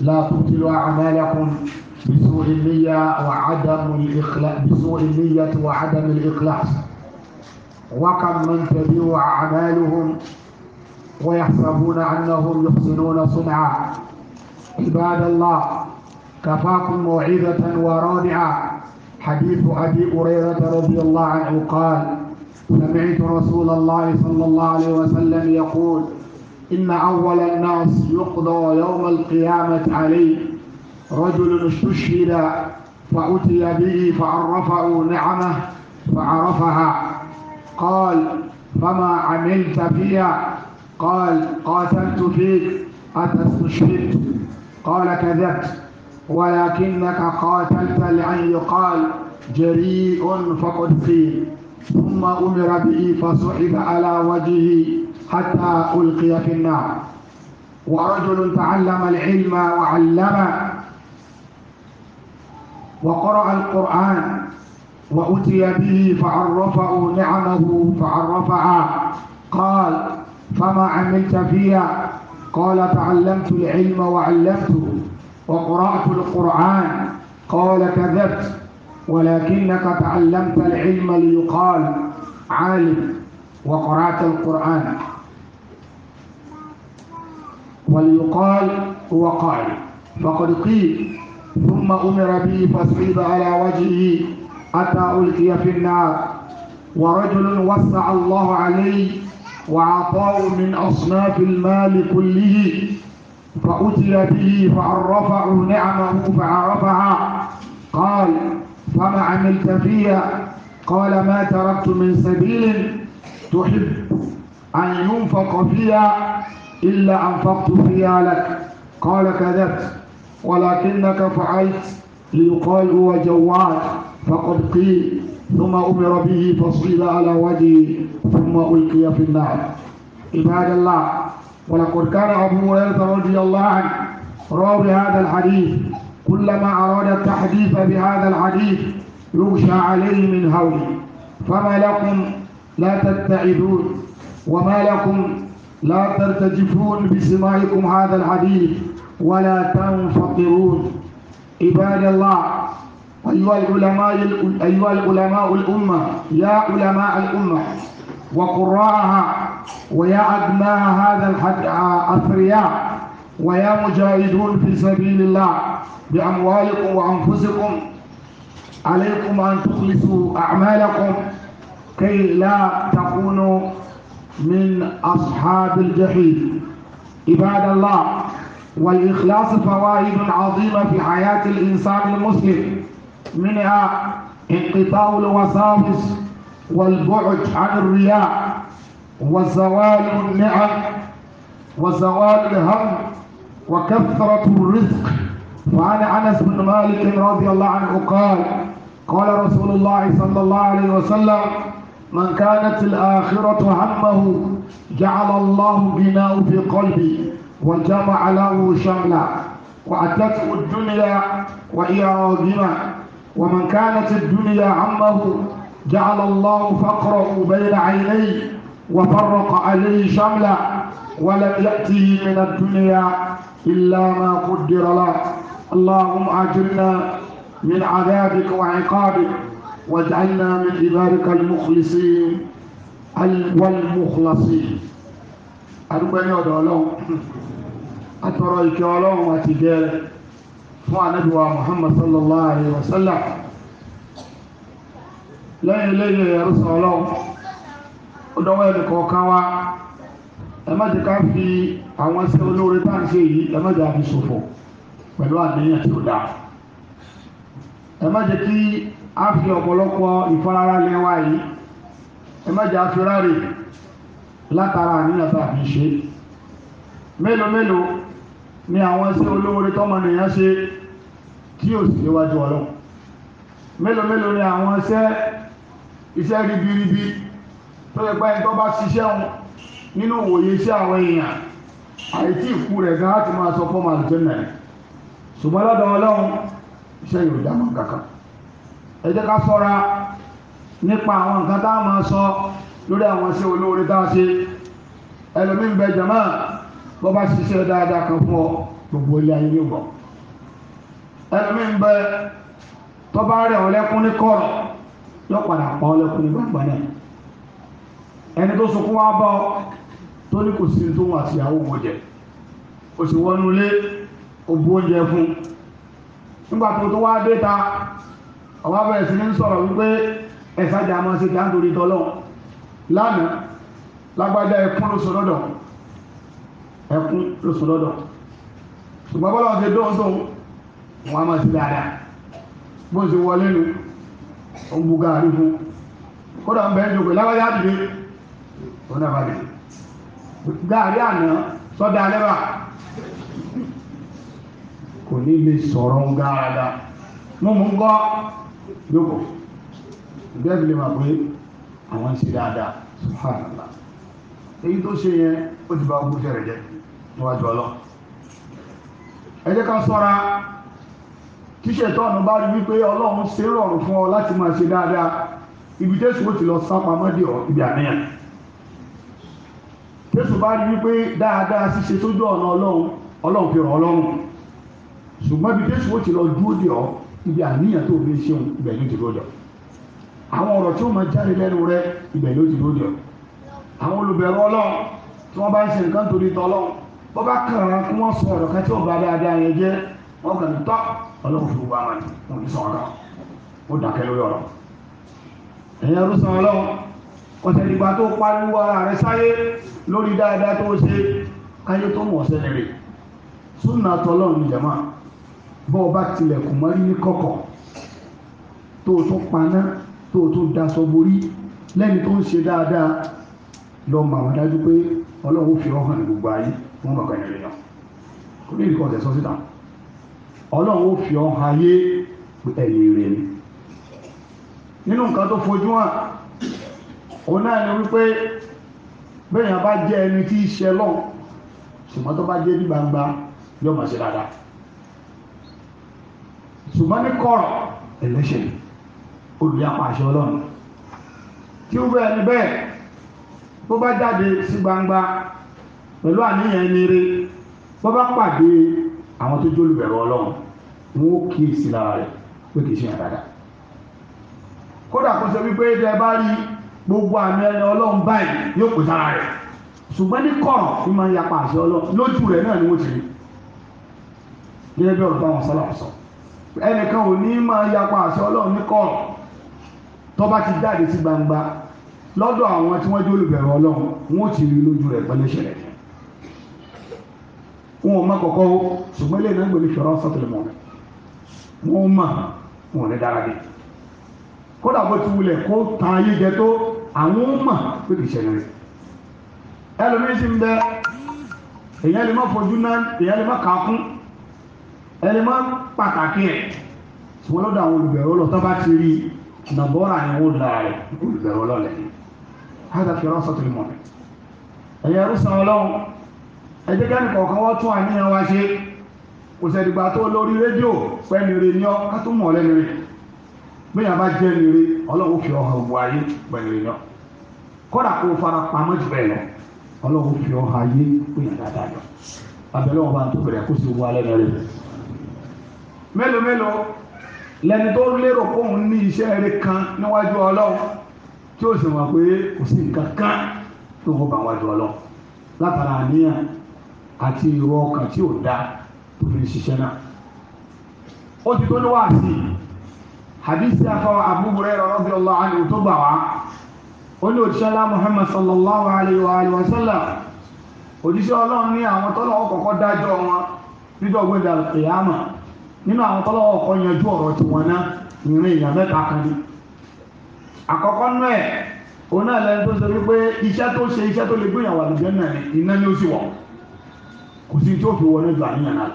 لا تبطلوا أعمالكم بسوء النية وعدم الإخلاص بسوء النية وعدم الإخلاص وكم من تبيع أعمالهم ويحسبون أنهم يحسنون صنعا عباد الله كفاكم موعظة ورابعة حديث أبي هريرة رضي الله عنه قال سمعت رسول الله صلى الله عليه وسلم يقول إن أول الناس يقضى يوم القيامة عليه رجل استشهد فأتي به فعرفه نعمه فعرفها قال فما عملت فيها قال قاتلت فيك أتستشهد قال كذبت ولكنك قاتلت لأن يقال جريء فقد فيه ثم أمر به فصحب على وجهه حتى ألقي في النار ورجل تعلم العلم وعلمه وقرأ القرآن وأتي به فعرفه نعمه فعرفها قال فما عملت فيها قال تعلمت العلم وعلمته وقرأت القرآن قال كذبت ولكنك تعلمت العلم ليقال عالم وقرأت القرآن وليقال هو قائل فقد قيل ثم أمر به فصيب على وجهه حتى ألقي في النار ورجل وسع الله عليه وعطاء من أصناف المال كله فأتي به فعرفه نعمه فعرفها قال فما عملت فيها قال ما تركت من سبيل تحب أن ينفق فيها إلا أنفقت فيها لك قال كذبت ولكنك فعلت ليقال هو جواد فقد قيل ثم أمر به فصيل على وجهه ثم ألقي في النار عباد الله ولقد كان أبو هريرة رضي الله عنه راوي هذا الحديث كلما أراد التحديث بهذا الحديث يغشى عليه من هوله فما لكم لا تتعدون وما لكم لا ترتجفون بسماعكم هذا الحديث ولا تنفطرون عباد الله أيها العلماء أيها العلماء الأمة يا علماء الأمة وقراءها ويا أبناء هذا الأثرياء ويا مجاهدون في سبيل الله بأموالكم وأنفسكم عليكم أن تخلصوا أعمالكم كي لا تكونوا من أصحاب الجحيم عباد الله والإخلاص فوائد عظيمة في حياة الإنسان المسلم منها انقطاع الوساوس والبعد عن الرياء وزوال النعم وزوال الهم وكثرة الرزق وعن أنس بن مالك رضي الله عنه قال قال رسول الله صلى الله عليه وسلم من كانت الآخرة همه جعل الله بناء في قلبي وجمع له شملا وأتته الدنيا وهي راغمة ومن كانت الدنيا همه جعل الله فقره بين عينيه وفرق عليه شملا ولم يأته من الدنيا إلا ما قدر له اللهم أجرنا من عذابك وعقابك واجعلنا من عبادك المخلصين والمخلصين adúpẹ́ ní ọ̀dọ̀ ọlọ́run atọrọ ìkẹ́ ọlọ́run àti gẹ́rẹ́ fún anábíwá muhammad sallallahu alayhi wa sallam lẹ́yìn lẹ́yìn ẹ̀rọsàn ọlọ́run ó dọ́wọ́ ẹni kọ̀ọ̀kan wá ẹ má ti ká fi àwọn ẹsẹ̀ olóore tá à ń ṣe yìí ẹ má jẹ́ àfi ṣòfò pẹ̀lú àníyàn tí ó dáa ẹ má jẹ́ kí á fi ọ̀pọ̀lọpọ̀ ìfararalẹ̀ wa yìí ẹ má jà fúrárì látara àníyàn tá fi ṣe mélòó mélòó ni àwọn ṣé olówóore tọmọnìyàn ṣe tí yóò sì léwájú ọlọ mélòó mélòó ni àwọn ṣé iṣẹ́ ribiribi tó lè gbá ẹni tó bá ṣiṣẹ́ wọn nínú òwòye iṣẹ́ àwọn èèyàn àìtí ìkú rẹ̀ gan láti máa sọ fọ́ọ̀mù àlùjẹ́ náà ṣùgbọ́n lọ́dọ̀ ọlọ́run iṣẹ́ yóò dá mọ́ kankan ẹ jẹ́ ká sọ́ra nípa àwọn nǹkan tá a máa sọ lórí àwọn iṣẹ́ olóore tá a ṣe ẹlòmíín bẹ jàmá bó bá ṣiṣẹ́ dáadáa kan fún ọ gbogbo ilé ayé ní bọ̀ ẹlòmíín bẹ tó bá rẹ̀ ọ lẹ́kún ní kọ̀rọ̀ yóò padà pa ọ lẹ́kún ní gbàgbà náà ẹni tó sunkún wá bọ́ tó ní kò sí tó wà sí àwọn òwòjẹ kò sì wọnú ilé òbu oúnjẹ fún nígbà tó tó wá dé ta ọwọ́ abẹ́rẹ́ sí ní sọ̀rọ̀ wípé ẹ̀sà jà máa ṣe dáńdórí tọ́lọ́ lánàá lágbájá ẹkún ló sọ lọ́dọ̀ ẹkún ló sọ lọ́dọ̀ ṣùgbọ́n bọ́lá ọ̀sẹ̀ dóhùn tóhùn wọn a máa ṣe dáadáa bó ṣe wọlé nu ó ń bu gaari fún kódà ń bẹ́ẹ̀ jòkó lágbájá dìde ó náà bá gaari àná sọ́dà lẹ́bà kò ní lè sọ̀rọ̀ ń gáadáa mú mú ń gọ́ lóko bẹ́ẹ̀ ni lè máa pé àwọn ń ṣe dáadáa subhanallah èyí tó ṣe yẹn ó ti bá ogún tẹ̀rẹ̀ jẹ níwájú ọlọ́ ẹ jẹ́ ká sọ́ra tíṣẹ̀ tó ọ̀nà bá rí wípé ọlọ́run ṣe rọrùn fún ọ láti máa ṣe dáadáa ibi tẹ́sù ó ti lọ sá pamọ́ dì ọ ibi àníyàn tẹ́sù bá rí wípé dáadáa ṣíṣe tójú ọ̀nà ọlọ́run ọlọ́run fi ràn ọlọ́run ṣùgbọ́n ibi tẹ́sù ó ti lọ dúró dì ọ ibi àníyàn tó fi ṣeun ibẹ̀ ló ti rọjò àwọn ọ̀rọ̀ tí ó máa jáde lẹ́nu rẹ ibẹ̀ ló ti rọjò àwọn olùbẹ̀rù ọlọ́run tí wọ́n bá ń ṣe nǹkan torí tọ́lọ́run bó bá kàrà kí wọ́n sọ ọ̀rọ̀ kan tí ó bá dáadáa yẹn jẹ́ wọ́n kàn ń tọ́ ọlọ́run fún wa máa wọn ní sọ̀rọ̀ ó dàkẹ́ lórí ọ̀rọ̀ ẹ̀yin arúsàn ọlọ́run ọ̀sẹ̀ nígbà tó pariwo ara rẹ sáyé lórí dáadáa tó ṣe káyé tó mọ̀ ọ̀sẹ̀ nìrè súnà tọ́lọ́run ní bọ́ ọ bá tilẹ̀kùn mọ́rí ní kọ̀kọ̀ tó o tún paná tó o tún daṣọ borí lẹ́ni tó ń ṣe dáadáa lọ mọ àwọn dájú pé ọlọ́run fi hàn gbogbo ayé fún ọ̀kan ìrìn náà kò ní ìkọ̀ ọ̀sẹ̀ sọ síta ọlọ́run fi hàn ayé ẹ̀mí rẹ̀ ni nínú nǹkan tó fojú hàn òun náà ni wípé bẹ́ẹ̀ yẹn bá jẹ́ ẹni tí í ṣe lọ́n ṣùgbọ́n tó bá jẹ́ ní gbangba yóò máa ṣe dáadáa ṣùgbọ́n ní kọ̀rọ̀ ẹlẹ́ṣẹ̀ olùyapa àṣẹ ọlọ́run tí ó bẹ́ẹ̀ ni bẹ́ẹ̀ bó bá jáde sí gbangba pẹ̀lú àníyàn ẹni rí bó bá pàdé àwọn tó jólùbẹ̀rù ọlọ́run wọn ó kíyèsí lára rẹ̀ pé kì í ṣe yàn dáadáa kódà kó sọ wípé tẹ bá rí gbogbo àmì ẹni ọlọ́run báyìí yóò pè sára rẹ̀ ṣùgbọ́n ní kọ̀rọ̀ fi máa ń yapa ọlọ́run lójú rẹ̀ náà ni wọ́n ti rí gẹ́gẹ́ bí ọ̀rọ̀ báwọn sọ́lá sọ ẹnìkan ò ní máa yapa àṣẹ ọlọ́run ní kọ̀rọ̀ tó bá ti jáde sí gbangba lọ́dọ̀ àwọn tí wọ́n jẹ́ olùbẹ̀rù ọlọ́run wọn ò ti rí lójú rẹ̀ pẹ́lú ìṣẹ̀lẹ̀ wọn ò má kọ̀kọ́ o ṣùgbọ́n ilé ìnáwó ní ṣọ̀rọ̀ sọ́tìlẹ̀mọ́ wọn ò mà wọn ò ní dára dé kódà bó ti wulẹ̀ kó tan ayé jẹ tó àwọn ò mà pé kì í ṣẹlẹ̀ rẹ̀ ẹlòmíín sì ń bẹ èyàn lè má fojú náà èyàn lè má kàákún ẹni máa ń pàtàkì ẹ̀ wọn lọ́dọ̀ àwọn olùbẹ̀rù lọ tó bá ti rí nàbọ́ra ni wọ́n la rẹ̀ olùbẹ̀rù lọ́lẹ̀ hádà fi ránṣọ́ tó lè mọ̀ ẹ̀yẹ rúṣan ọlọ́run ẹjẹ́ kẹ́ni kọ̀ọ̀kan wọ́n tún àníyàn wa ṣe kò sẹ́dìgbà tó lórí rédíò pẹ́ni rè ní ọ́ ká tún mọ̀ lẹ́nu rẹ̀ bóyá bá jẹ́ ni rè ọlọ́run fi ọ̀hàn wọ ayé pẹ́ni rè ní ọ́ kódà kó fara pamọ́ jù bẹ́ẹ̀ lọ ọlọ́run fi ọ̀hàn ayé pẹ́ni dáadáa lọ abẹ́lẹ́ wọn bá ń tó bẹ̀rẹ̀ kó sì wọ alẹ́ náà rẹ̀ mélòó mélòó lẹni tó lérò kóun ní iṣẹ́ eré kan níwájú ọlọ́run tí ó sì wọ́n pé kò sí nǹkan kan tó kó bá wájú ọlọ́run látara àníyàn àti ìrọ̀ ọkàn tí ò dáa tó fi ń ṣiṣẹ́ náà ó ti tó níwá sí i hadisi afọ Abu Hurairah radiyallahu anhu tó gbà wá ó ní òjíṣẹ́ lá Muhammad sallallahu alayhi wa sallam òjíṣẹ́ ọlọ́run ní àwọn tọ́lọ́wọ́ kọ̀ọ̀kan dájọ́ wọn nígbà gbẹ̀dẹ̀ àlùkìyàmà nínú àwọn tọ́lọ́wọ́ kọ́ yanjú ọ̀rọ̀ tiwọn náà ìrìn èèyàn mẹ́ta kan ní. àkọ́kọ́ náà ẹ̀ òun náà lẹ́nu tó ṣe wípé iṣẹ́ tó ṣe iṣẹ́ tó lè gbìyànjú àlùjẹ́ náà ní iná ni ó sì wọ̀ kò sí tó fi wọlé ju àníyàn náà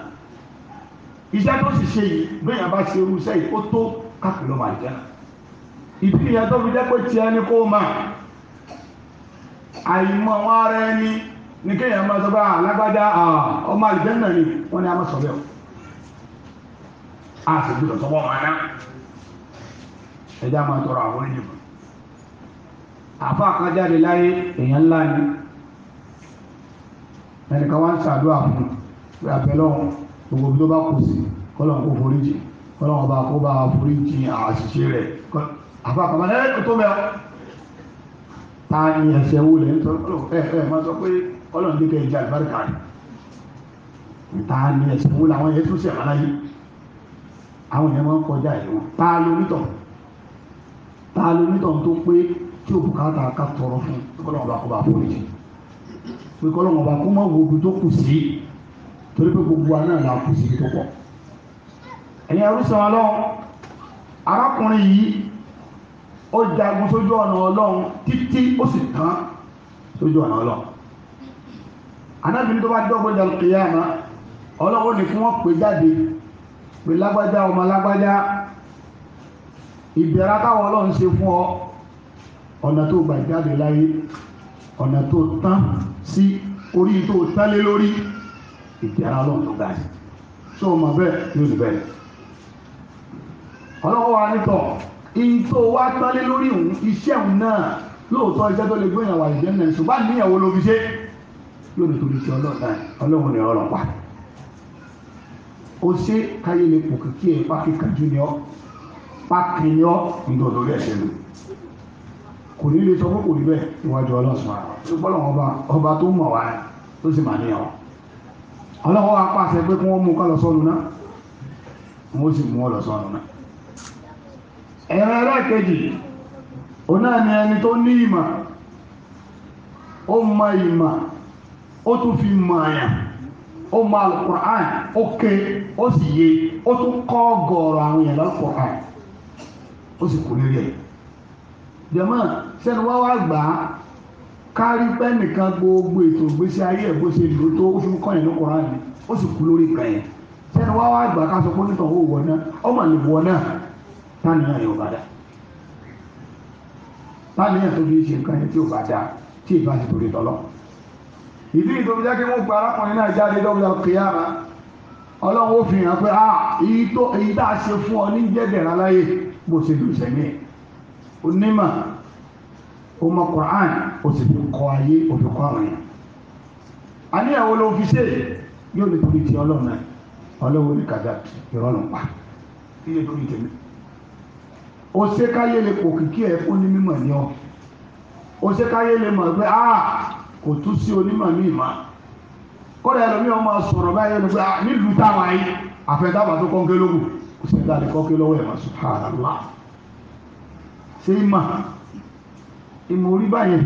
iṣẹ́ tó sì ṣe yìí gbìyànjú bá ṣe irú iṣẹ́ yìí ó tó káfí ló máa jẹ́ ìdí ìyẹn tó fi jẹ́ pé tiẹ̀ ni kó máa àìmọ̀ wọn ara ẹni ní kéèyàn máa sọ pé a sì gbọ́dọ̀ sọ́wọ́ wọn ná ẹjá máa tọrọ àwọn ènìyàn àfa àkájáde láyé èèyàn ńlá ni ẹnìkan wá ń ṣàdúrà fún pé àbẹ̀lọ́wọ́ gbogbo bí ó bá kù sí kọ́lọ̀ kó forí jì kọ́lọ̀ ọba kó bá forí jì àṣìṣe rẹ̀ àfa àkàmọ́ ẹ̀ kò tó mẹ́wọ́ ta ni ẹsẹ̀ wo lẹ́yìn tó ẹ̀ ẹ̀ máa sọ pé kọ́lọ̀ ní kẹ́ ìjà ìbáríkà ta ni ẹsẹ̀ wo làwọn yẹn tún ṣẹ̀ àwọn èèyàn máa ń kọjá ẹ̀ wọn ta lónítọ̀ ta lónítọ̀ tó pé tí òbúkátà ká tọrọ fún kọ́lọ́mọ̀ bá kó bá fún mi pé kọ́lọ́mọ̀ bá kó má wo ibi tó kù sí torí pé gbogbo wa náà la kù sí ibi tó pọ̀ ẹ̀yin arúsọ ọlọ́run arákùnrin yìí ó jagun sójú ọ̀nà ọlọ́run títí ó sì tán sójú ọ̀nà ọlọ́run anábìrin tó bá dọ́gbọ́jà kìí àná ọlọ́run ni fún wọn pè jáde pé lágbájá ọmọ lágbájá ìbẹ̀rẹ̀ táwọn ọlọ́run ṣe fún ọ ọ̀nà tó gbà jáde láyé ọ̀nà tó tán sí orí tó tán lé lórí ìbẹ̀rẹ̀ ọlọ́run tó gbà sí tó o mọ̀ bẹ́ẹ̀ yóò ní bẹ́ẹ̀ ọlọ́wọ́ wa nítọ̀ iye tó wá tán lé lórí òun iṣẹ́ òun náà lóòótọ́ iṣẹ́ tó lè gbé ìyàwó àìjẹ́ náà ṣùgbọ́n níyàwó ló fi ṣe yóò ní torí ṣe ọlọ́run ní ọlọ́pàá ose kayele kukikie pakika junior pakinyo ndodo rẹ ṣẹlẹ̀ kò ní lè sọ pé kò rí bẹ́ẹ̀ níwájú ọlọsùn àrà ṣùgbọ́n ọba ọba tó mọ̀ wá rẹ tó sì mà níyàwó ọlọ́wọ́ wa pàṣẹ pé kí wọ́n mú ká lọ sọ́nu náà wọ́n sì mú ọ lọ sọ́nu náà ẹ̀rọ ẹlẹ́ẹ̀kejì òun náà ni ẹni tó ní ìmọ̀ ó mọ ìmọ̀ ó tún fi mọ̀ àyà ó mọ alukur'an ó ké ó sì yé ó tún kọ́ gọ̀ọ̀rọ̀ àwọn èèyàn lọ́pọ̀ ẹ̀ ó sì kú lórí ẹ̀. jẹ̀mọ́ sẹ́ni wá wá gbà á kárí pẹ́ nìkan gbogbo ètò ìgbésí ayé ẹ̀ bó ṣe lò tó ó tún kọ́ yẹn ní Kùránì ó sì kú lórí ìgbà yẹn sẹ́ni wá wá gbà ká sọ pé nítorí owó wọ̀ náà ọmọ lè wọ̀ náà táni náà yóò bá dá táni náà tó fi ṣe nǹkan yẹn tí ò bá dá tí ì bá ti torí tọ́lọ́ ìdí ìtòbíjá kí wọ́n gba arákùnrin náà jáde lọ́wọ́ ọlọ́run ó fi hàn pé ah èyí tó èyí tá a ṣe fún ọ ní jẹ́bẹ̀rẹ̀ aláyè bó ṣe lù sẹ́yìn onímọ̀ ọmọ Quran ó sì fi kọ ayé òfin kọ àwọn yẹn ló fi ṣe yóò lè torí ti ọlọ́run náà ọlọ́run ní kàdá pa kí lè torí ṣe káyé kò ẹ̀ fún ní mímọ̀ ní ọ ṣe káyé lè mọ̀ pé ah, kò tún sí kódà ẹlòmí wọn máa sọ̀rọ̀ báyìí ẹnu pé ah, nílùú táwọn ayé àfẹnudàbà tó kọ́ńké lógún kò sí ẹ̀dá àdìkọ́ńké lọ́wọ́ ẹ̀ máa subhanallah ṣé ìmà ìmọ̀ orí báyẹn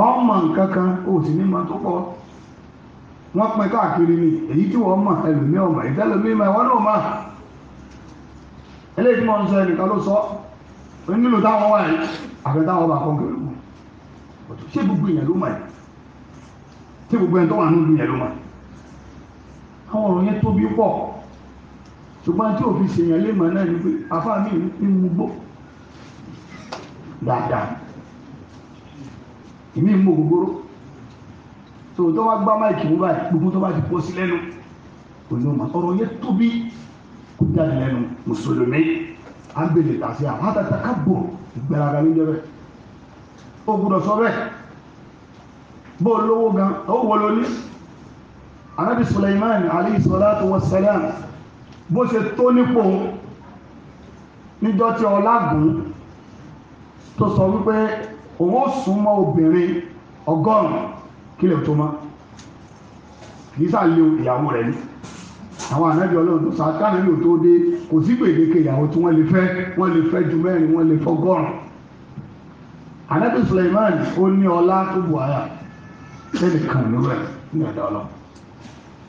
ọmọ nǹkan kan ó sì ní máa tó pọ̀ wọ́n pin káàkiri ni èyí tí wọ́n mọ̀ ẹlòmí ọmọ ìtẹ́lómi ìmọ̀ ìwọ́n náà mọ̀ eléyìí tí wọ́n ń sọ ẹnìkan ló sọ nílùú táwọn wáyé àfẹnudàbà kọ́ńké lógún ṣé gbogbo èèyàn ló mọ̀ yìí tí gbogbo ẹni tó wà nínú yẹn ló mọ̀ àwọn ọ̀rọ̀ yẹn tóbi pọ̀ ṣùgbọ́n tí òfin ṣèyàn lè mọ̀ náà ni pé afá mi ń mú gbó dáadáa èmi ń mú gbogbo tó tó wá gbá máìkì mú báyìí gbogbo tó bá ti pọ̀ sí lẹ́nu kò ní mọ̀ ọ̀rọ̀ yẹn tóbi kò jáde lẹ́nu mùsùlùmí à ń àwọn àtàtà ká bò ìgbéraga ló ń bẹ́ẹ̀ ó gbúdọ̀ sọ bẹ́ẹ̀ bó lówó gan ó wọ lóní anabi suleiman alayhi salatu wa salam bó ṣe tó nípò níjọ́ tí ọlágùn tó sọ wípé òun ó súnmọ́ obìnrin ọgọ́rùn-ún kílẹ̀ tó mọ́ kì í ìyàwó rẹ̀ ni àwọn ànájọ ọlọ́run tó sàtánà ní òtó dé kò sí gbèdéke ìyàwó tí wọ́n lè fẹ́ wọ́n lè fẹ́ ju mẹ́rin wọ́n lè fọ́gọ́rùn-ún suleiman ó ní ọlá tó bu lẹ́nìkan ló rẹ̀ ní ọ̀dọ̀ ọlọ́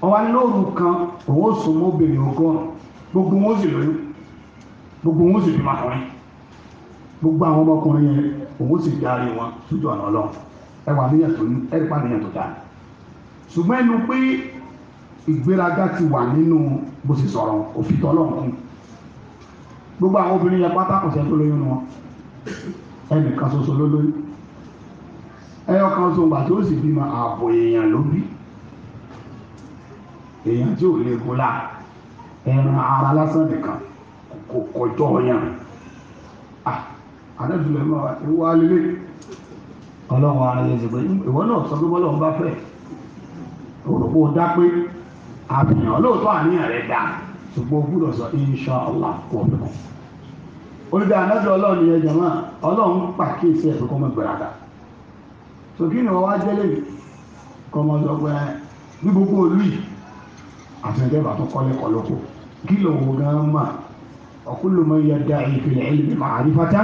ọwọ́ lóòrù kan òun ó sùn mọ́bìnrin ọgọ́rùn gbogbo wọn ó sì lóyún gbogbo wọn ó sì bímọ àwọn gbogbo àwọn ọmọkùnrin yẹn òun ó sì darí wọn sójú ọ̀nà ọlọ́ ẹ wà níyàn tó ní ẹ rí pàníyàn tó dáa ṣùgbọ́n ẹnu pé ìgbéraga ti wà nínú bó ṣe sọ̀rọ̀ kò fi tọ́lọ̀ kún gbogbo àwọn obìnrin yẹn pátá kò tó lóyún wọn ẹnìkan ṣoṣo ló lóyún ẹyọ kan tó gbà tó sì bímọ ààbò èèyàn ló bí èèyàn tí ò lè kó la ẹran ara lásán nìkan kò kọjọ yàn àdébùsùlẹ̀ mọ́ ìwọ alẹ́ ọlọ́run ara yẹn ti pé ìwọ náà sọ pé bọ́lá òun bá fẹ́ òròpó dá pé àbìyàn lóòótọ́ àníyàn rẹ̀ dá ṣùgbọ́n o gbúdọ̀ sọ insha allah kò fẹ́ olùdarí anájọ ọlọ́run yẹn jẹ̀mọ́ ọlọ́run pàkíyèsí ẹ̀ pé kọ́ mọ́ sókè ni wọ́n wá jẹ́lẹ̀ kọ́mọ sọ pé ní gbogbo olú yìí àtẹ̀dẹ́bà tó kọ́lé kọ́lọ́kọ́ kí ló ń gan mà ọ̀kúlù mọ́ iye dá ìfìlẹ̀ ìlú màrífátà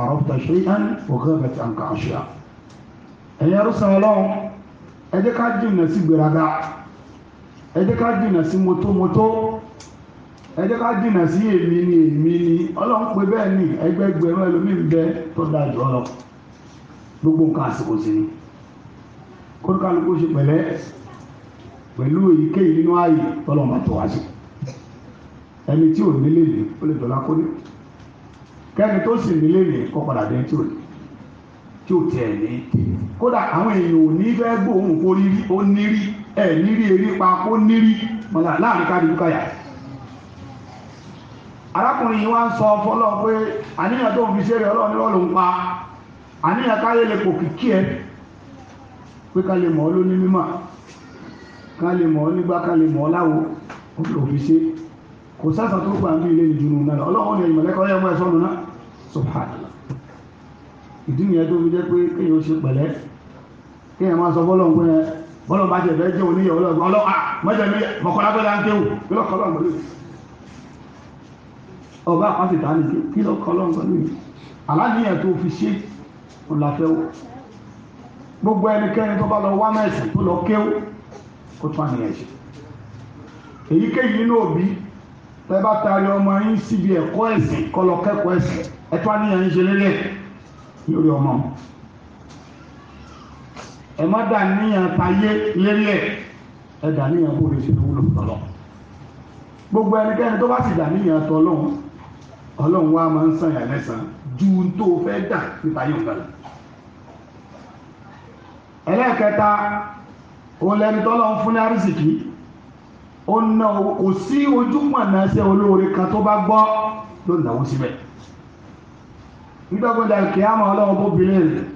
àròftà ṣéyàn òkè bẹ̀tẹ̀ nǹkan àṣà. ẹ̀yẹ́ rúṣan ọlọ́run ẹ jẹ́ ká jìnnà sí gbéraga ẹ ká jìnnà sí mọ́tòmọ́tò ẹ ká jìnnà sí èmi ni èmi ni ọlọ́run pé bẹ́ẹ̀ ni ẹgbẹ́gbẹ̀rún ẹlòmíì ń bẹ tó dájú ọlọ́run. gbogbo nǹkan àsìkò sí ni kóníkàlùkù ṣe pẹ̀lẹ́ pẹ̀lú èyíkéyìí nínú ààyè tọ́lọ́mà tó wá sí ẹni tí ò nílé lè ó lè kó ní tó sì nílé padà dé tí ò ní tí ò ní kódà àwọn èèyàn ò ní fẹ́ gbóhùn kó rí ó nírí ẹ̀ nírí àníyàn káyé lè pò kìkí ẹ pé ká lè mọ̀ ọ́ lóní mímọ̀ ká lè mọ̀ ọ́ nígbà ká lè mọ̀ ọ́ láwo ó lò fi ṣe kò sáfà tó gbà ń bí ilé ìdùnnú náà ọlọ́run ní ìmọ̀lẹ́kọ́ yẹ mú ẹ sọ́nu náà subhanallah ìdí nìyẹn tó fi jẹ́ pé kéèyàn ó ṣe pẹ̀lẹ́ kéèyàn máa sọ bọ́lọ̀ pé bọ́lọ̀ bá jẹ̀ bẹ́ẹ̀ jẹ́ oníyẹ̀ ọlọ́gbọ́n ọlọ́ à ah, mọ́jẹ̀ mi mọ̀kànlá bẹ́ẹ̀ láńké wò kí lọ́kọ́ lọ́n pẹ̀lú ọba àpáti tàà olàfẹ́wò gbogbo ẹnikẹ́ni tó bá lọ wá mẹ́sì tó lọ kéwò kó tún àníyàn ṣe èyíkéyìí nínú òbí tẹ́ bá taari ọmọ yín síbi ẹ̀kọ́ ẹ̀sìn kọlọ kẹ́kọ̀ọ́ ẹ̀sìn ẹ tún àníyàn ṣe lélẹ̀ lórí ọmọ ẹ má dà níyàn tayé lélẹ̀ ẹ dà níyàn bó lè ṣe wúlò tọlọ gbogbo ẹnikẹ́ni tó bá sì dà níyàn tọlọ́hún ọlọ́run wa máa ń sàn yàn ju tó fẹ́ dà níta yóò gbà lọ ẹlẹ́ẹ̀kẹta òun lẹni tọ́lọ́ ń fún ní àrísìkí ọ̀nà kò sí ojúmọ̀ náà ṣe olóore kan tó bá gbọ́ ló náwó síbẹ̀ nígbàgbọ́dà kí á máa lọ́wọ́ bóbìnrin rẹ̀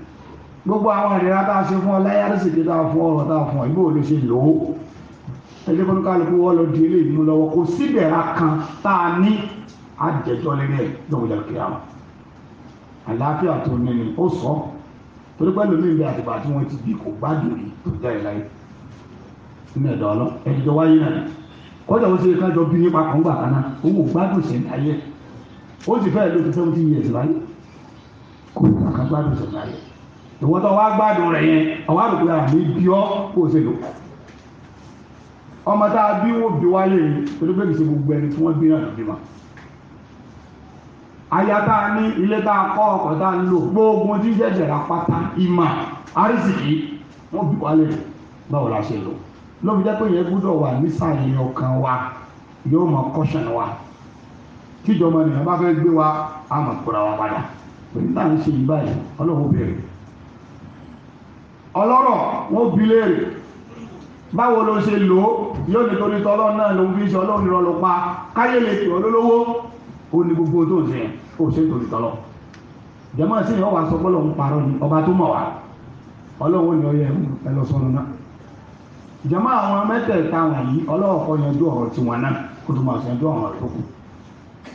gbogbo àwọn ìrìnà tá a ṣe fún ọ láyé àrísìkí tá a fún ọ̀rọ̀ tá a fún ọ ìbò ló ṣe lò ó ẹgbẹ́ fún kálukú wọ́n lọ di ilé lọ́wọ́ kò síbẹ̀ra kan tá a ní àjẹjọ́ lẹ́rẹ́ lọ́wọ́dà torí pẹ́lú ní ìgbà àtìgbà tí wọ́n ti bí kò gbádùn rí tó jáde láyé nínú ẹ̀dọ́ ọlọ́ ẹ̀dìjọ wáyé náà kọjá wọ́n ti rí kájọ bí nípa kan gbà kaná òun ò gbádùn sí láyé ó ti fẹ́ẹ̀ ló ti seventy years láyé kò ní kàkán gbádùn sí láyé ìwọ́n tó wá gbádùn rẹ̀ yẹn àwọn àdùkú yàrá mi bí ọ́ kó o ṣe lò ọmọ tá a bí wọ́n bí wáyé torí pé kì í ṣe gbogbo ẹni tí wọ́n bí náà lọ́ aya tá a ní ilé tá a kọ́ ọkọ̀ tá a ń lò gbogbo tí ń jẹ́jẹ̀ rà pátá ìmọ̀ àrísìkí wọ́n bí wálé báwo la ṣe lò lóbi jẹ́ pé yẹn gbúdọ̀ wà nísàlẹ̀ ọkàn wa yóò mọ kọ́ṣọ̀n wa tíjọba nìyẹn bá fẹ́ gbé wa a mọ̀ kóra wa padà pẹ̀lú náà ń ṣe yìí báyìí ọlọ́run béèrè ọlọ́rọ̀ wọ́n bi léèrè báwo ló ṣe lò ó yóò nítorí tọ́lọ́ náà ló ń fi ṣe ọlọ́run ìrọ̀lùpa káyé lè pè ọ́ lólówó ó ní gbogbo tó ń sìn ó ṣe tòlù tọ́lọ̀ jẹ́mọ́ sí ìyọ́wà sọ pé lòun parọ́ ni ọba tó mọ̀ wá ọlọ́wọ́ ni ọyẹ ẹ lọ sọ́nù náà jẹ́mọ́ àwọn mẹ́tẹ̀ẹ̀ta wọ̀nyí ọlọ́wọ́ kọ́ yanjú ọ̀rọ̀ tiwọn náà kó tó máa yanjú ọ̀rọ̀ tó kù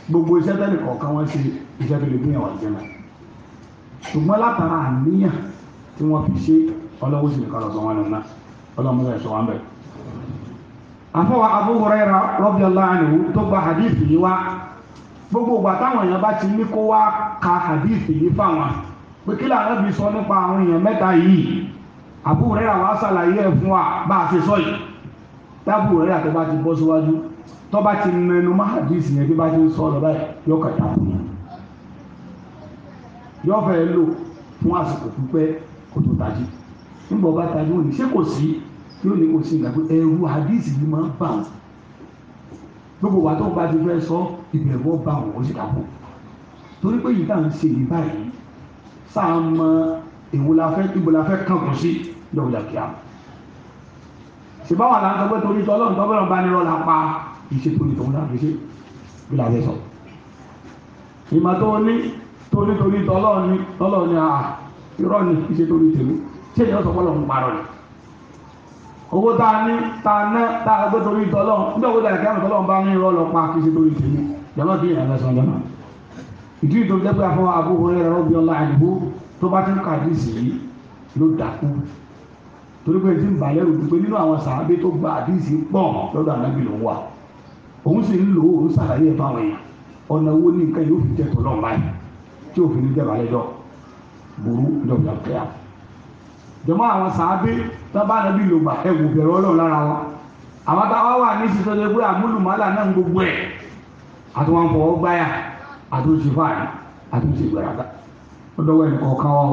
gbogbo iṣẹ́ tẹ́lẹ̀ kọ̀ọ̀kan wọ́n ṣe iṣẹ́ tó lè gbé yàn wá jẹ́ náà ṣùgbọ́n látara àníyàn tí wọ́n fi ṣe ọlọ́wọ́ sì nìkan lọ́sọ̀ wọn nìyà ọlọ́mọ sọ wọn bẹ́ẹ̀. àfọwọ́ Abu Hurairah radiyallahu anhu tó gba hadith yìí gbogbo ìgbà táwọn èèyàn bá ti ní kó wá ka hadith yìí fáwọn pé kí làwọn ẹbí sọ nípa àwọn èèyàn mẹ́ta yìí Abu Huraira wàá ṣàlàyé ẹ̀ fún wa bá a ṣe sọ yìí tábù rẹ̀ àti bá ti bọ́ síwájú tó bá ti mẹnu má hadith yẹn bí bá ti ń sọ ọ̀rọ̀ báyìí yọ kàtà fún yẹn yọ fẹ́ lò fún àsìkò pípẹ́ kó tó tají nígbà ọba tají wọn ní ṣé kò sí yóò ní kò sí ìgbà ẹrú hadith yìí máa ń bà wọn gbogbo wa tó ń bá ti fẹ́ sọ ìbẹ̀rù ọba àwọn ó sì dàpọ̀ torí pé yìí tá à ń ṣe yìí báyìí sáà mọ èwo la fẹ́ ibo la fẹ́ kànkùn sí lọ́wọ́dà kíá ṣùgbọ́n wà láǹtọ́ pé torí tọ́ lọ́nà tọ́gbọ́n bá nírọ́ la pa ìṣe torí tọ́wọ́n náà fi ṣe bí la fẹ́ sọ. ìmọ̀ tó ní torí torí tọ́lọ́ọ̀ni tọ́lọ́ọ̀ni àà irọ́ ni ìṣe torí tèmi ṣé ìyẹn sọ fọlọ́ ń parọ́ ni owó tá a ní tá a ná tá a gbé torí tọ́lọ́ nígbà owó tá a kíá tọ́lọ́ bá ní rọ́ọ̀lọ́ pa kí ṣe torí tèmi jọlọ́ kí yàrá lẹ́sàn jọlọ́ ìdí tó jẹ́ pé àfọwọ́ Abu Hurairah radiyallahu anhu tó bá ti ń ka àdìsí yìí ló dàkú torí pé ti ń balẹ̀ rò pé nínú àwọn sàábé tó gba àdìsí pọ̀ lọ́dọ̀ ànábì ló wà òun sì ń lò ó òun sàlàyé ẹ̀ fáwọn èèyàn ọ̀nà owó ní nǹkan yóò fi jẹ́ tọ́lọ́ jọmọ àwọn sàábé tọ́ba ànábì yorùbá ẹ wò bẹ̀rẹ̀ ọlọ́run lára wọn àwọn táwa wà ní sísọ tó pé àmúlùmálà náà ń gbogbo ẹ̀ àtúwọn fọwọ́ gbáyà àtúnṣe fáàrí àtúnṣe gbàràdà ó dọ́wọ́ ẹnì kọ̀ọ̀kan wa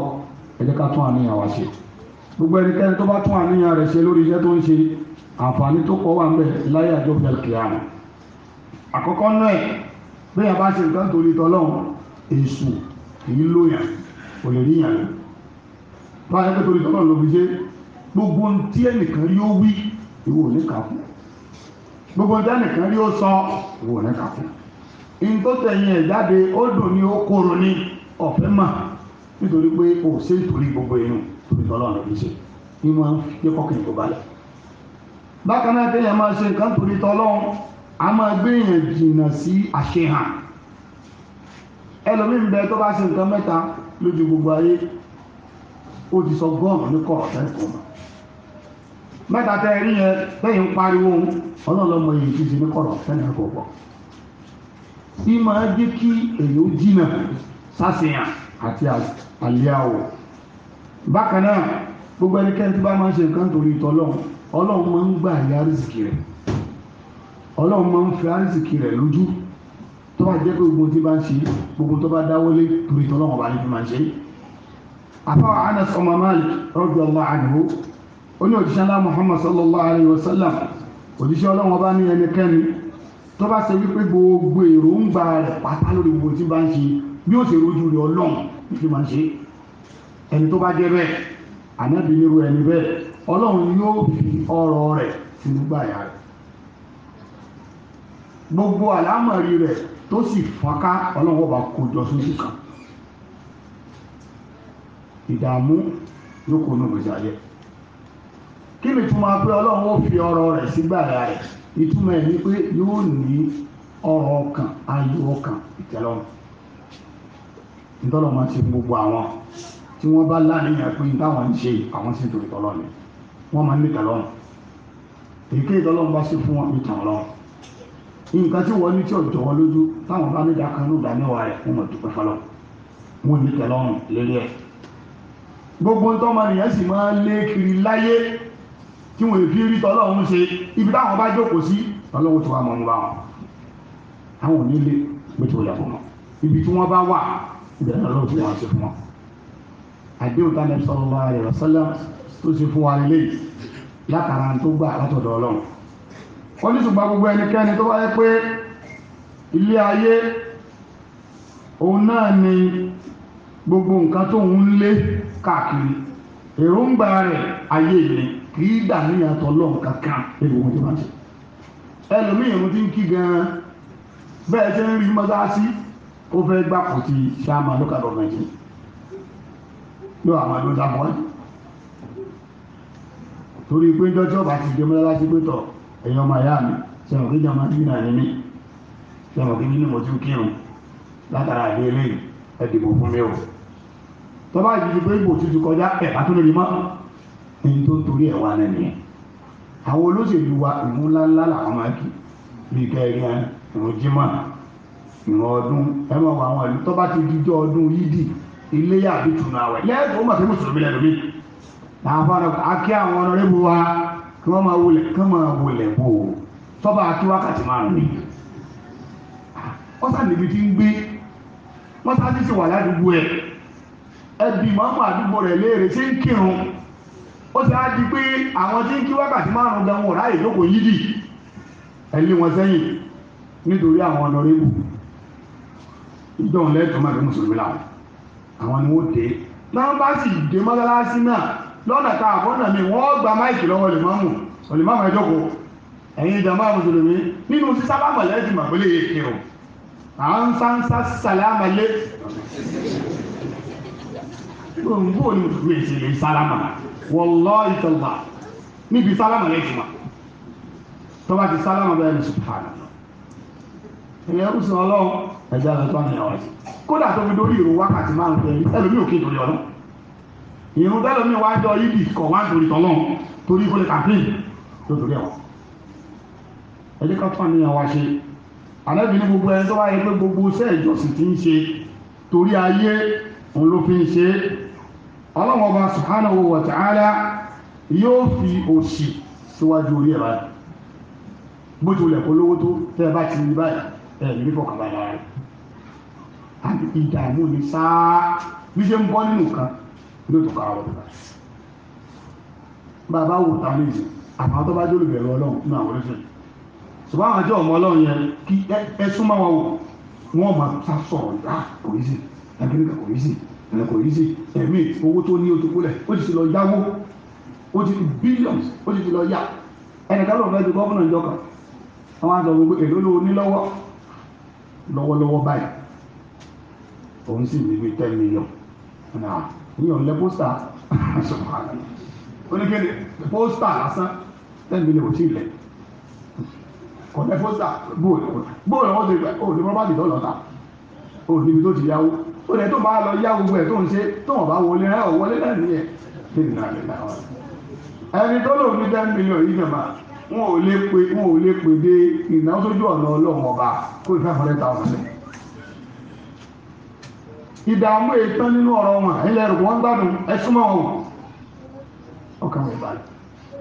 ẹ jẹ́ ká tún àníyàn wa ṣe gbogbo ẹnikẹ́ni tó bá tún àníyàn rẹ̀ ṣe lórí iṣẹ́ tó ń ṣe àǹfààní tó pọ̀ wà ń bẹ láyé àjọ bẹ̀rẹ̀ àkọ́kọ́ náà bí bá ṣe nǹkan torí tọ́lọ́run èṣù èyí lóyàn kò lè lọ bá yẹ kó torí tọ́lọ́ ló fi ṣe gbogbo tí ẹnìkan rí ó wí ìwò ní kàfún gbogbo tí ẹnìkan rí ó sọ ìwò ní kàfún ìtòtẹ̀yìn ẹ̀ jáde ó dùn ní ó kóró ní ọ̀fẹ́ mà nítorí pé kò sí ìtòrí gbogbo inú torí tọ́lọ́ ló fi ṣe ní wọn yẹ kọ́kẹ́ ìgbò balẹ̀ bákan náà kéèyàn máa ṣe nǹkan torí tọ́lọ́ a máa gbé èèyàn jìnnà sí àṣehàn ẹlòmíín bẹ tó bá ṣe nǹkan mẹ́ta lójú gbogbo ayé ó ti sọ gọ́ọ̀nù ní kọ̀ọ̀rọ̀ tẹ́kọ̀ọ́ mọ́ mẹ́ta tẹ́ ẹ rí yẹn bẹ́ẹ̀ ń pariwo ọlọ́lọ́mọ yìí ti di ní kọ̀ọ̀rọ̀ tẹ́kọ̀ọ́ pọ̀ í máa jẹ́ kí èyí ó jìnà sásìyàn àti àlẹ́àwọ̀ bákan náà gbogbo ẹnikẹ́ni tó bá máa ń ṣe nǹkan torí ìtọ́lọ́run ọlọ́run máa ń gbà ní àrísìkì rẹ̀ ọlọ́run máa ń fi àrísìkì rẹ̀ lójú tó bá jẹ́ pé gbogbo tí bá ń ṣe gbogbo tó bá dáwọ́lé torí ìtọ́lọ́run ọba ní fi máa ń ṣe é afáwọn anas ọmọ malik radiyallahu anhu oní òjíṣẹ́ ńlá muhammad sallallahu alayhi wa sallam òjíṣẹ́ ọlọ́wọ́n bá ní ẹnikẹ́ni tó bá ṣe wípé gbogbo èròǹgbà rẹ̀ pátá lórí gbogbo tí bá ń ṣe bí ó ṣe rojú rẹ̀ ọlọ́run ló máa ń ṣe ẹni tó bá jẹ́ bẹ́ẹ̀ ànábì nírú ẹni bẹ́ẹ̀ ọlọ́run yóò fi ọrọ̀ rẹ̀ sínú gbàyà rẹ̀ gbogbo àlámọ̀rí rẹ̀ tó sì fọ́nká ọlọ́run ọba kò jọ sójú kan ìdààmú yóò kó nínú ìgbésí ayé kí ni túmọ̀ pé ọlọ́run ó fi ọrọ̀ rẹ̀ sígbà rẹ̀ ìtumọ̀ ẹ̀ ni pé yóò ní ọrọ̀ ọkàn ayọ̀ ọkàn ìtẹ́lọ́rùn ntọ́lọ́ máa ti gbogbo àwọn tí wọ́n bá láàrin pé táwọn ń ṣe àwọn sì ń torí tọ́lọ́ ni wọ́n máa ń lè tẹ́lọ́rùn èké ìtọ́lọ́run bá ṣe fún wọn ìtàn ọlọ́run nǹkan tí wọ́n ní tí ọ̀jọ̀ wọn lójú táwọn bá ní dákan ní ìdáníwá rẹ̀ wọ́n mọ̀ dúpẹ́ fọlọ́ wọ́n ní tẹ́lọ́rùn lérí ẹ̀ gbogbo ntọ́ ma nìyẹn sì máa lé kiri láyé tí wọ́n fi rí tọ́lọ́hún ṣe ibi táwọn bá jókòó sí ọlọ́wọ́ tó wà mọ́ nígbà wọn àwọn ò ní lé gbẹ̀tọ̀ yà fún wọn ibi tí wọ́n bá wà ìbẹ̀rẹ̀ ọlọ́wọ́ tó wà ṣe fún wọn. àdéhùn tá nẹ́bí sallallahu alaihi wasallam tó ṣe fún wa lé látara tó gbà látọ̀dọ̀ ọlọ́run. wọ́n ní ṣùgbọ́n gbogbo ẹnikẹ́ni tó wáyé pé ilé ayé òun náà ni gbogbo nǹkan tóun ń lé káàkiri èròǹgbà rẹ̀ ayé ni kì í dà níyàtọ̀ lọ́n kankan nínú ohun tó bá ń ṣe ẹlòmíì ìrún ti ń kí gan-an bẹ́ẹ̀ ṣe ń rí mọ́sáàsì ó fẹ́ gbà kù ti ṣáàmà lókà gọ́ọ̀mẹ̀ntì yóò àwọn àdó sábọ́ ẹ̀ torí pé dọ́jọ́ bá ti dé mọ́sáàsì pé tọ̀ ẹ̀yin ọmọ ìyá mi sẹ̀wọ̀n kí jọmọ ní ìrìnàjò mi sẹ̀wọ̀n kí nínú mọ̀tún kírun látara àdé eléyìí ẹ̀dìbò fún mi o tọ́ba ìdíjú pé ìbò tuntun kọjá ẹ̀ka tó lórí mọ́ ẹni tó torí ẹ̀ wá náà nìyẹn àwọn olóṣèlú wa ìlú ńláńlá làwọn máa kì bí kẹrin ìrùn jimá ìrùn ọdún ẹ mọ̀ wọ àwọn ìlú tọ́ba ti díjọ́ ọdún yídì iléyà àbí tùnú àwẹ̀ lẹ́ẹ̀kọ́ mọ̀ sí mùsùlùmí lẹ́nu mi àwọn akí àwọn ọ̀nàrẹ́bù wa kí wọ́n máa wulẹ̀ kí wọ́n máa wulẹ̀ bò ó tọ́ba akí wákàtí márùn ni wọ́n sá níbi tí ń gbé wọ́n sá ti ṣe wà ládùúgbò ẹ̀ ẹbí mọ́mọ́ àdúgbò rẹ̀ léèrè ṣé ń kírun ó ti á di pé àwọn tí ń kí wákàtí márùn gan wọn ráàyè lóko yídì ẹlí wọn sẹ́yìn nítorí àwọn ọ̀nàrẹ́bù ìdánwò lẹ́tọ̀ọ́ máa fi mùsùlùmí làwọn àwọn ni wọ́n dé náà bá sì dé mọ́sálásí náà lọ́nà tá àkọ́nà mi wọ́n gba máìkì lọ́wọ́ lèmọ́mù ọ̀lèmọ́mù ẹjọ́ kò ẹ̀yin ìjàmbá mùsùlùmí nínú sábàmọ̀lẹ́dì màgbélé yìí kírun à ń sáńsá sàlámàlé bó ni mùsùlùmí ẹ̀ ṣe lè sálámà wallahi ìtọ́gbà níbi sálámà lẹ́jùmá tọ́ba ti sálámà bẹ́ẹ̀ ni subhana ẹ̀yẹ kùsùn ọlọ́run ẹ̀jẹ̀ àlọ́tọ́ ni ọ̀rọ̀ sí kódà tó fi dórí ìrò wákàtí máa ń pẹ́ ẹlòmíì òkè ìdòrí ọlọ́run ìrún bẹ́ẹ̀ lómi wá jọ yídì kọ̀ wá dòrí tọ́lọ́run torí kó lè kàmpín tó dòrí ẹ̀wọ̀n ẹ̀jẹ̀ ká tó àníyàn wá ṣe àlẹ́bí ní gbogbo ẹni tó wáyé pé gbogbo iṣẹ́ ìjọsìn ti ń ṣe torí ayé òun ló fi ń ṣe é ọlọ́wọ́ bá subhanahu wa ta'ala yóò fi òṣì síwájú orí ẹ̀ báyìí bó ti wulẹ̀ polówó tó tẹ́ ẹ bá ti rí báyìí ẹ̀ ní fọkàn báyìí rárá àti ìdààmú ni sáá bí ṣe ń bọ́ nínú kan ló tó káwọ́ tó báyìí bàbá kò yí sí ẹ̀mí owó tó ní oṣù kúlẹ̀ ó ti ti lọ yáwó ó ti billions ó ti ti lọ yá ẹnìkan ló fẹ́ di gómìnà ìjọ kan àwọn àgbà gbogbo èlò ló ní lọ́wọ́ lọ́wọ́lọ́wọ́ báyìí òun sì ní bíi ten million náà yíyan lẹ pósítà oníkéde pósítà lásán ten million ò tí ì lẹ kọ̀ọ̀lẹ́ pósítà bóòlù bóòlù ọ̀hún ti rẹ̀ ó ní property tó lọ́ta ó níbi tó ti yáwó ó lẹ tó máa lọ yá gbogbo ẹ̀ tó ń ṣe tó wọn bá wọlé ẹ ò wọlé náà nìyẹn nínú àlè náà ẹni tó lòun ní ten million yìí nàmà wọn ò lè pe wọn ò lè pe dé ìnáwó sójú ọ̀nà ọlọ́run ọba kó ìfẹ́ àfọlẹ́ ta wọn lẹ. ìdààmú ètàn nínú ọ̀rọ̀ wọn ilẹ̀ rẹ̀ wọ́n gbádùn ẹ súnmọ́ wọn ọkàn wọn ìbàdàn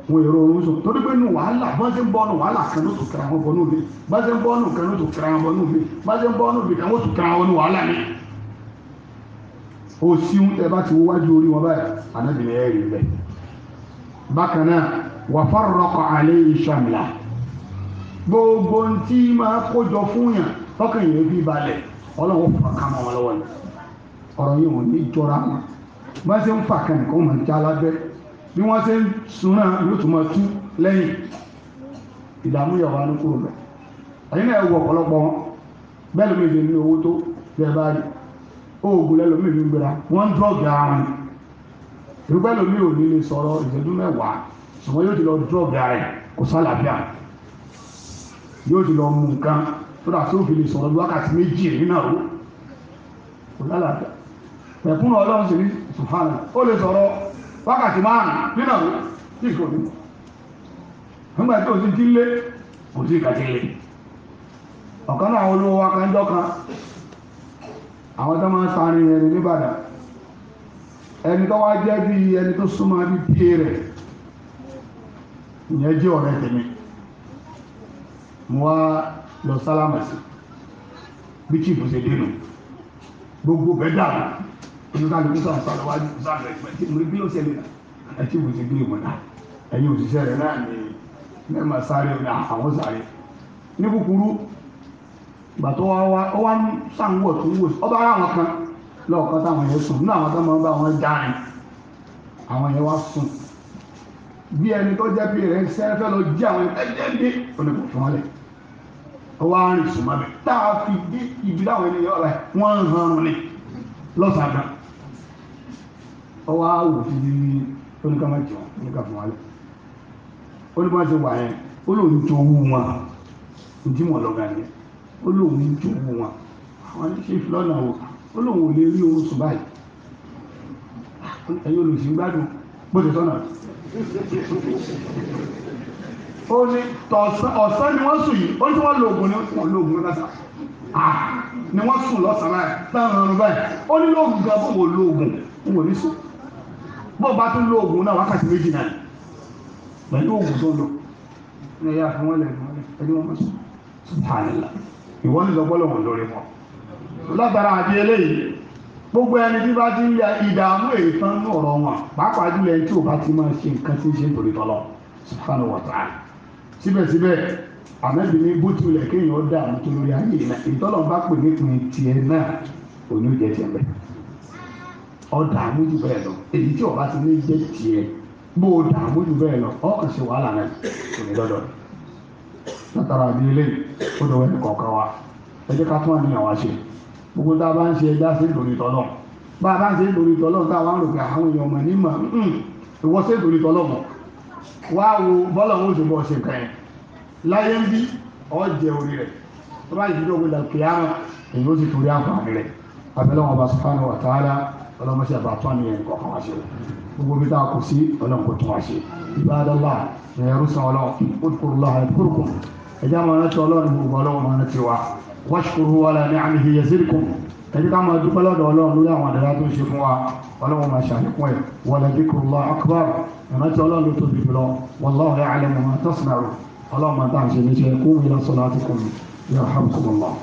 wọn èrò ọ̀run sùn torí pé nu wàhálà bá ṣe ń bọ́ nu wàhálà kan ló tún kara wọn bọ́ nù mí bá ṣe ń bọ́ nù kan ló tún kara bọ́ nù mí bá ṣe ń bọ́ nù mí kan tún kara nù wàhálà mi òsín ẹ bá ti wọ wájú orí wọn báyìí ànábì ní ẹ̀rí bẹ́ẹ̀. bákan náà wà farraqa alayhi shamla gbogbo ntí máa kójọ fún yàn tọkàn yẹn fi balẹ̀ ọlọ́run fà ká mọ́ wọn lọ́wọ́ ni ọ̀rọ̀ yìí wọn ní jọra wọn bá ṣe ń fà kan nǹkan máa ń já lábẹ́ bí wọ́n ṣe ń sunná yóò tún máa tú lẹ́yìn ìdààmú yàrá ní kúrò bẹ́ẹ̀ ẹ̀yin náà wọ ọ̀pọ̀lọpọ̀ wọn bẹ́ẹ̀ ló méje nínú owó tó bẹ́ẹ̀ bá oògùn lẹ́lòmíì ló ń gbéra wọ́n dọ́ọ̀gì ara rẹ̀ ìrúgbẹ́ lòmíì ò ní lè sọ̀rọ̀ ìṣẹ́jú mẹ́wàá ṣùgbọ́n yóò di lọ dọ́ọ̀gì ara rẹ̀ kò sálàáfíà yóò ti lọ mú nǹkan tó dà tó fi lè sọ̀rọ̀ bí wákàtí méjì nínú àrò kò sálàáfíà ẹ̀kún náà ọlọ́run sì ní sùfàànà ó lè sọ̀rọ̀ wákàtí márùn-ún nínú àrò àwọn tó máa ń sanrin yẹn ní nìbàdàn ẹni tó wá jẹ́ bí ẹni tó súnmọ́ bí píé rẹ̀ ìyẹn jẹ́ ọ̀rẹ́ tèmi mo wá lọ sálámà sí bí kí ìbùsẹ̀ dénú gbogbo bẹ́ẹ̀ dàrú inú ká lóko sọ̀rọ̀ sọ̀rọ̀ wájú sọ̀rọ̀ ẹ̀kí mo rí bí ó ṣẹlẹ̀ náà ẹ̀kí ìbùsẹ̀ dé ìmọ̀ náà ẹ̀yin òṣìṣẹ́ rẹ̀ náà ni mẹ́ẹ̀mà sáré àwọn sáré ní kúkúrú ìgbà tó wá wá ó wá ní sáwọn tó wò sí ọba àwọn kan lọ́ọ̀kan táwọn yẹn sùn nínú àwọn tó máa ń bá wọn dáhìn àwọn yẹn wá sùn bí ẹni tó jẹ́ bí rẹ̀ ń sẹ́ fẹ́ lọ jí àwọn ẹgbẹ́ dé olùkọ́ fún wọn lẹ̀ ọwọ́ àárín sùn máa bẹ̀ tá a fi dé ibi láwọn ẹni yọ̀ọ́ báyìí ń hanrun ni lọ́sàn-án kan ọwọ́ àwò fi di oníkàmá jọ oníkà wọn lẹ̀ oníkàmá wà yẹn ó lóun tó wú wọn mọ̀ lọ́gà yẹn ó lóun ń jó wọn àwọn ṣe fi lọ́nà o ó lóun ò lè rí oorun sùn báyìí ẹ̀yin olùsìn gbádùn bó ti tọ́nà ó ní ọ̀sán ni wọ́n sùn yìí ó ní wọ́n lo oògùn ni wọ́n lo oògùn lọ́sàn ni wọ́n sùn lọ́sàn báyìí táwọn ọ̀run báyìí ó ní lóògùn gan bó wọ́n lo oògùn ń wò ní sùn bó bá tún lo oògùn náà wákàtí méjì náà pẹ̀lú oògùn tó lò ní ẹ̀yà fún wọn lẹ́nu ẹni sùn sùn tàn ìwọ ní lọ́gbọ́lọ́wọ̀n lórí wọn látara àti eléyìí gbogbo ẹni tí bá ti ń ya ìdààmú èèfán ní ọ̀rọ̀ wọn pàápàá jùlọ ẹni tí ò bá ti máa ṣe nǹkan tí ń ṣe nítorí tọ́lọ̀ subhanahu wa ta'ala síbẹ̀síbẹ̀ àmẹ́bí ní bótulẹ̀ kéèyàn dààmú tó lórí ayé náà ìtọ́lọ̀ bá pè nípìn tiẹ̀ náà òní ò jẹ́ tiẹ̀ bẹ́ẹ̀ ọ̀dààmú jù bẹ́ẹ̀ lọ èyí tí ọba ti ní jẹ́ tiẹ̀ bó o dààmú jù bẹ́ẹ̀ lọ ọkàn ṣe wàhálà náà kò ní látara àdílé gbọ́dọ̀ wẹ̀ kọ̀ọ̀kan wa ẹ jẹ́ ká tún wà níyàwó àṣẹ gbogbo tá a bá ń ṣe ẹja sí lórí tọ́lọ̀ bá a bá ń ṣe lórí tọ́lọ̀ tá a wá ń rò pé àwọn èèyàn mọ̀ ní mọ̀ hmm, ìwọ sí lórí tọ́lọ̀ mọ̀ wá wo bọ́lá òun ṣe bọ́ ṣe kàn láyé ń bí ọ jẹ orí rẹ̀ tó bá yìí dọ́gbé la kì í àmà èyí ó sì torí àǹfààní rẹ̀ abẹ́lẹ́ wọn bá subhanahu wa ta'ala ọlọ́mọṣẹ́ àbàtọ́ àníyàn kọ̀ọ̀kan wá ṣe gbogbo bí tá kò sí ọlọ́mọkò tún wá ṣe ibadallah ẹ̀rú sàn ọlọ́run ó kúrò ẹjá máa rántí ọlọ́run gbogbo ọlọ́run máa rántí wa washkuru wala ni'amihi yazidkum ẹjẹ́ ká máa dúpẹ́ lọ́dọ̀ ọlọ́run lórí àwọn àdàrà tó ń ṣe fún wa ọlọ́run máa ṣàlékún ẹ̀ wala dhikrullahi akbar ìrántí ọlọ́run ló tóbi jùlọ wallahu ya'lamu ma tasna'un ọlọ́run máa tà ń níṣẹ́ kó wílọ salatikum yarhamkumullah.